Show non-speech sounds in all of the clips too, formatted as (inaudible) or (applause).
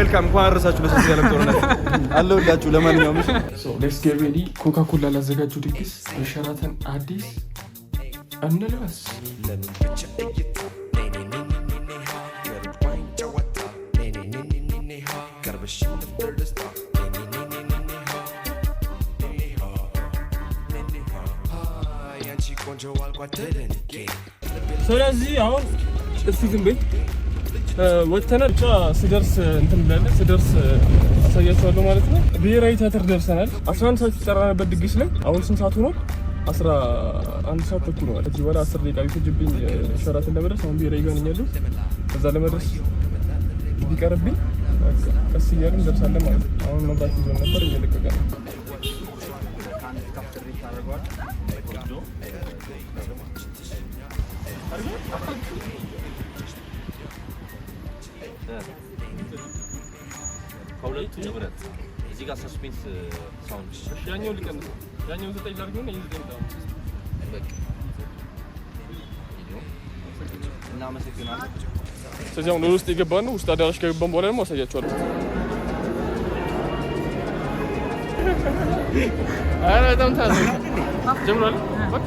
ዌልካም እንኳን አደረሳችሁ ለሶስት የዓለም ጦርነት አለሁላችሁ። ለማንኛውም ሌትስ ጌት ሬዲ ኮካኮላ ኮላ ላዘጋጁ ድግስ የሸራተን አዲስ እንልበስ ስለዚህ አሁን እሱ ዝም ብል ወተናል ብቻ ስደርስ እንትን ብላለን ስደርስ አሳያችኋለሁ ማለት ነው። ብሔራዊ ቲያትር ደርሰናል። 11 ሰዓት የተጠራንበት ድግስ ላይ አሁን ስንት ሰዓት ሆኗል? አስራ አንድ ሰዓት ተኩል ሆኗል። ከዚህ በኋላ አስር ደቂቃ ቢፈጅብኝ ሸራትን ለመድረስ አሁን ብሔራዊ ጋር ነኝ ያለው ከዛ ለመድረስ ቢቀርብኝ ቀስ እያልን ደርሳለን ማለት ነው። አሁን መብራት ይዞን ነበር እየለቀቀ ነው la suspense sound. Yanni olacağını. Yanni o detaylar görme izleyin tamam. እናመሰግናለን። ስለዚህ አሁን ውስጥ የገባን ውስጥ አዳራሽ ከገባን በኋላ ደግሞ አሳያቸዋለሁ። ኧረ በጣም ታዘ ጀምሯል። በቃ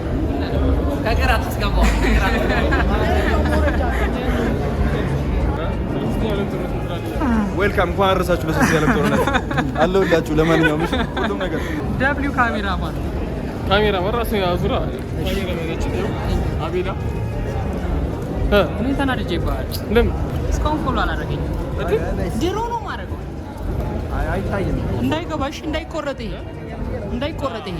ከቅራት እስከሞ ዌልካም እንኳን አደረሳችሁ። በሶስት ያለም ጦርነት አለሁላችሁ። ለማንኛውም ሁሉም ነገር ደብሊው ካሜራ ማለት ራሱ ያዙራ አቤላ እኔ ተናድጄ ለምን እስካሁን ፎሎ አላደረገኝም? ድሮ ነው ማድረገው። አይታይም። እንዳይገባሽ፣ እንዳይቆረጥ እንዳይቆረጥ ይሄ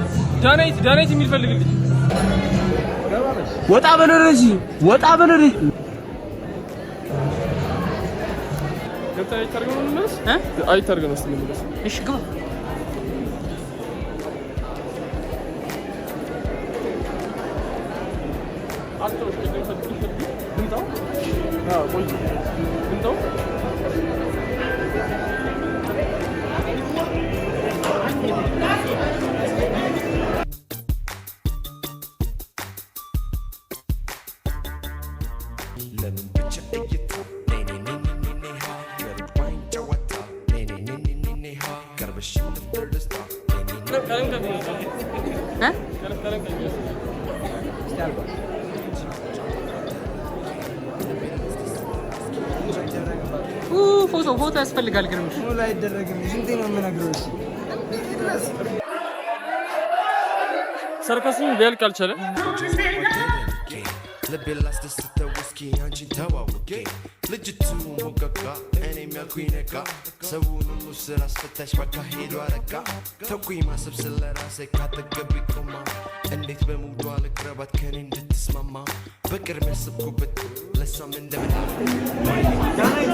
ዳናይት ዳናይት የሚፈልግልኝ ወጣ በለው ወደዚህ ወጣ በለው ወደዚህ አይታርገን ውስጥ የምንለስ እሺ ግባ አጥቶ ሰው ፎቶ ያስፈልጋል። ግን ሙሉ አይደረግም። ዝም ነው የምነግረው። ሰርከሱን ቢያልቅ አልቻለም። ልቤ ላስደስተው ውስኪ አንቺን ተዋውቄ ልጅቱ ሞቀቃ እኔም ያልኩ ይነቃ ሰውን ሁሉ ስራ አስፈታሽ በቃ ሄዶ አረጋ ተኩኝ ማሰብ ስለ ራሴ ካጠገብ ቆማ እንዴት በሙዱ አልቅረባት ከኔ እንድትስማማ በቅድሚያ ያስብኩበት ለሷም እንደምን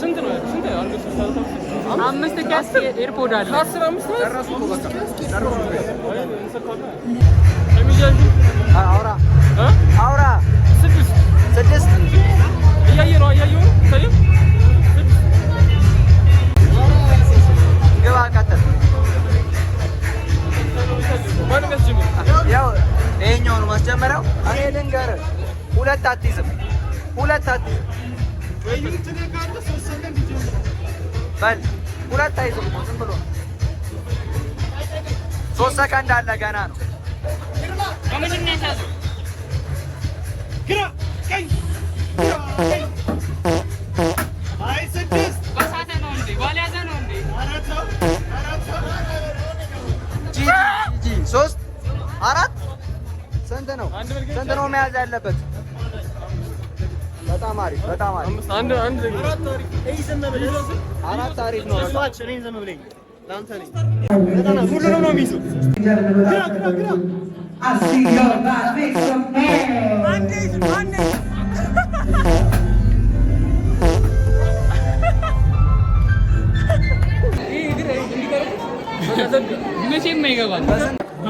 ስንት ነው? ስንት ነው? አምስት ኪያስ ኤርፖድ አለ። አስር አምስት ነው። እኮ በቃ አውራ አውራ ስድስት ስድስት እያየ ነው እያየ ግባ ቀጥል። ያው ማስጀመሪያው። እኔ ልንገርህ፣ ሁለት አትይዝም፣ ሁለት አትይዝም ሁለት አይዞህ ዝም ብሎ ሶስት ሰከንድ አለ ገና ነው። عنده عنده اي ذنب بلاش عرفت تعريف ما اسمعش شيرين ذنب بلاش لا انت انا قول له انا ميزو كده كده كده I see your body, make some man. Mondays, Mondays. Güneş inmeyin galiba.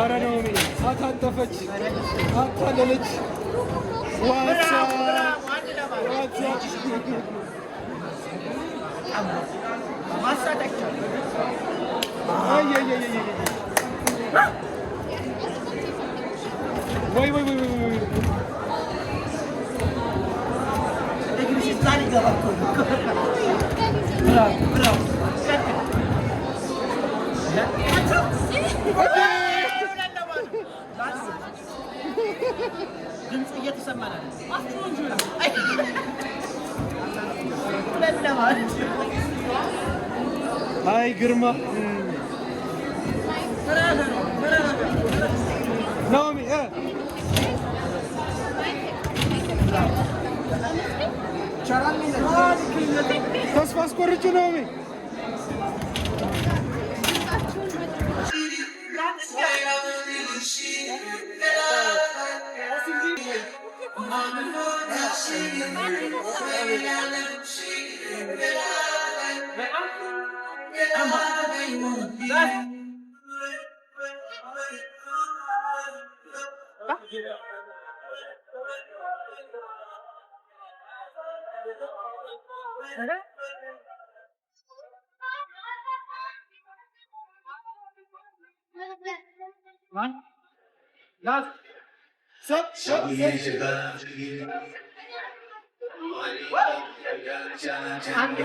አረነውኒ አታጠፈች አታለለች ዋሳ ወይ ወይ ወይ ወይ ወይ Hi, Gurma. Naomi, yeah. Das was korrucu Naomi. I'm Ver. Bak. Sarı. Lan. Yaz. Sık şık sık. Hangi?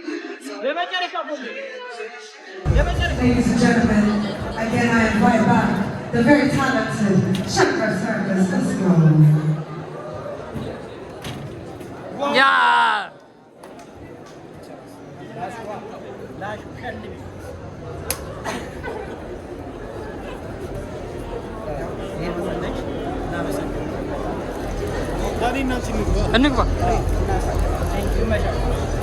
Ladies and gentlemen, again I invite back the very talented Shankar Circus. Let's go. Yeah. Thank you, Masha.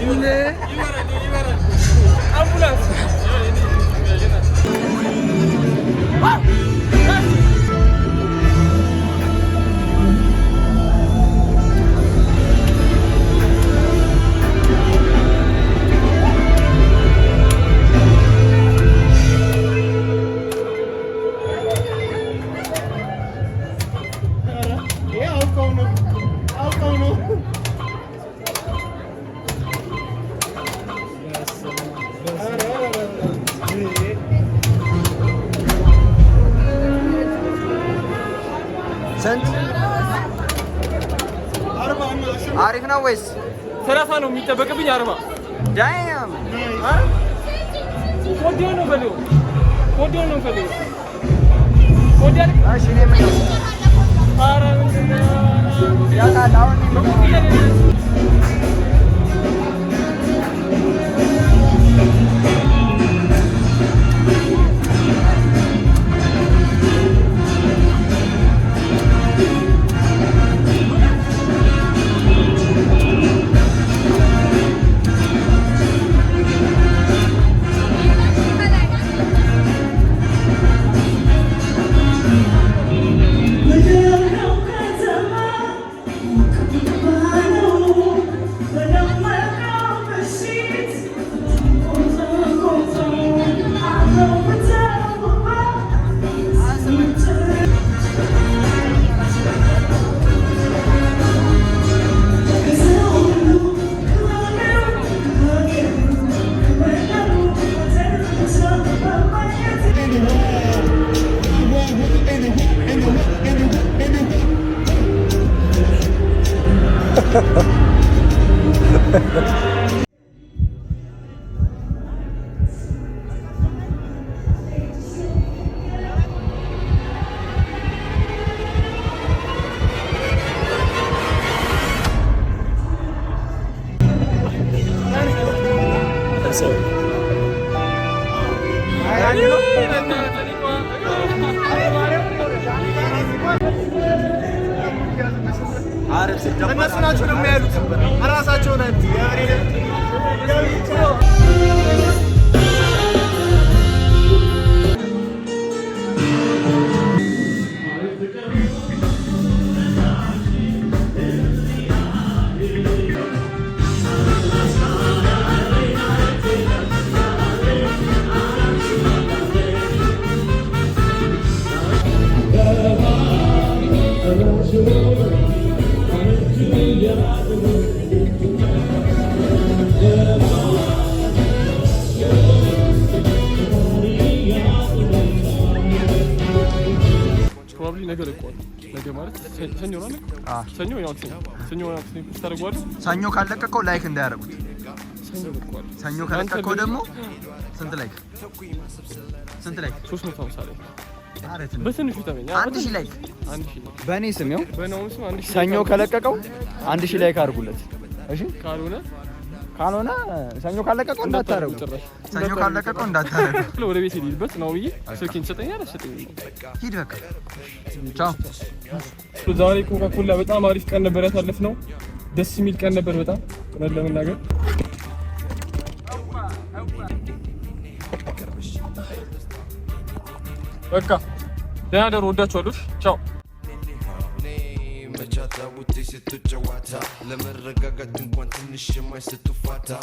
근데 아, 아무나 아. bin araba. Damn. Nice. Huh? What do you know value? What do you know value? What do you know? Ah, she name it. Parang. Yeah, that one. ፕሮባብሊ ነገ ለቀዋል። ነገ ማለት ሰኞ ነው። ሰኞ ያው ሰኞ ሰኞ ታደርገዋለህ። ሰኞ ካለቀቀው ላይክ እንዳያደርጉት። ሰኞ ለቀዋል። ሰኞ ካለቀቀው ደግሞ ስንት ላይክ? ስንት ላይክ? 350 ላይክ በትንሹ ተመኝ አንድ ሺህ ላይክ በእኔ ስም ያው ሰኞ ከለቀቀው አንድ ሺህ ላይክ አድርጉለት። እሺ ካልሆነ ካልሆነ ሰኞ ካለቀቀው እንዳታረጉ፣ ሰኞ ካለቀቀው እንዳታረጉ። (laughs) ወደ ቤት ሄድበት ነው ብዬ ስልኬን ሰጠኛል። ሂድ በቃ ቻው። ዛሬ ኮካኮላ በጣም አሪፍ ቀን ነበር ያሳለፍ ነው። ደስ የሚል ቀን ነበር በጣም እውነት ለመናገር በቃ ደህና ደሩ። ወዳችኋለሁ። ቻው ሴቶች ስትጨዋታ ለመረጋጋት እንኳን ትንሽ የማይሰጡ ፋታ